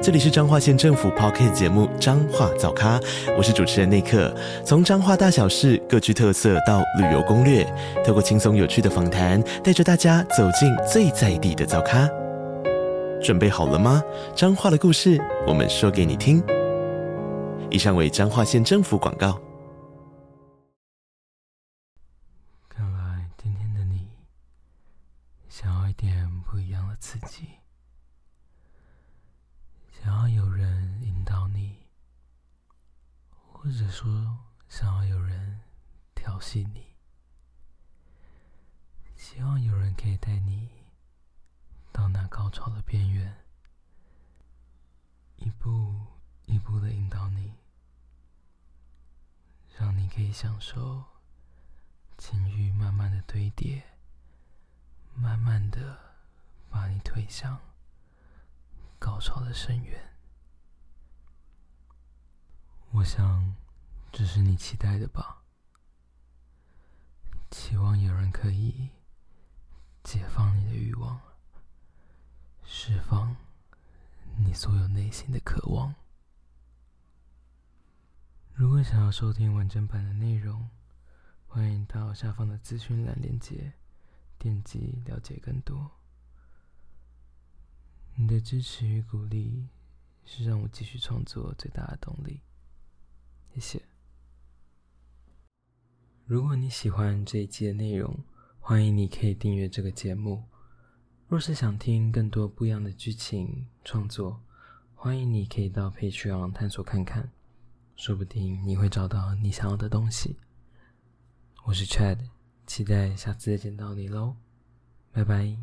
這裡是彰化縣政府 Podcast 節目《彰化早咖》，我是主持人內克。從彰化大小事各具特色到旅遊攻略，透過輕鬆有趣的訪談，帶着大家走進最在地的早咖。準備好了嗎？彰化的故事，我們說給你聽。以上為彰化縣政府廣告。看來今天的你，想要一點不一樣的刺激。想要有人引導你，或者說想要有人調戲你，希望有人可以帶你到那高潮的邊緣，一步一步的引導你，讓你可以享受情慾慢慢的堆疊，慢慢的把你推向。高潮的深淵，我想，這是你期待的吧？期望有人可以解放你的慾望，釋放你所有內心的渴望。如果想要收聽完整版的內容，歡迎到下方的資訊欄鏈接點擊，了解更多。你的支持與鼓勵是讓我繼續創作最大的動力，謝謝。如果你喜歡這一期的內容，歡迎你可以訂閱這個節目。若是想聽更多不一樣的劇情創作，歡迎你可以到 Patreon 探索看看，說不定你會找到你想要的東西。我是 Chad，期待下次再見到你嘍，拜拜。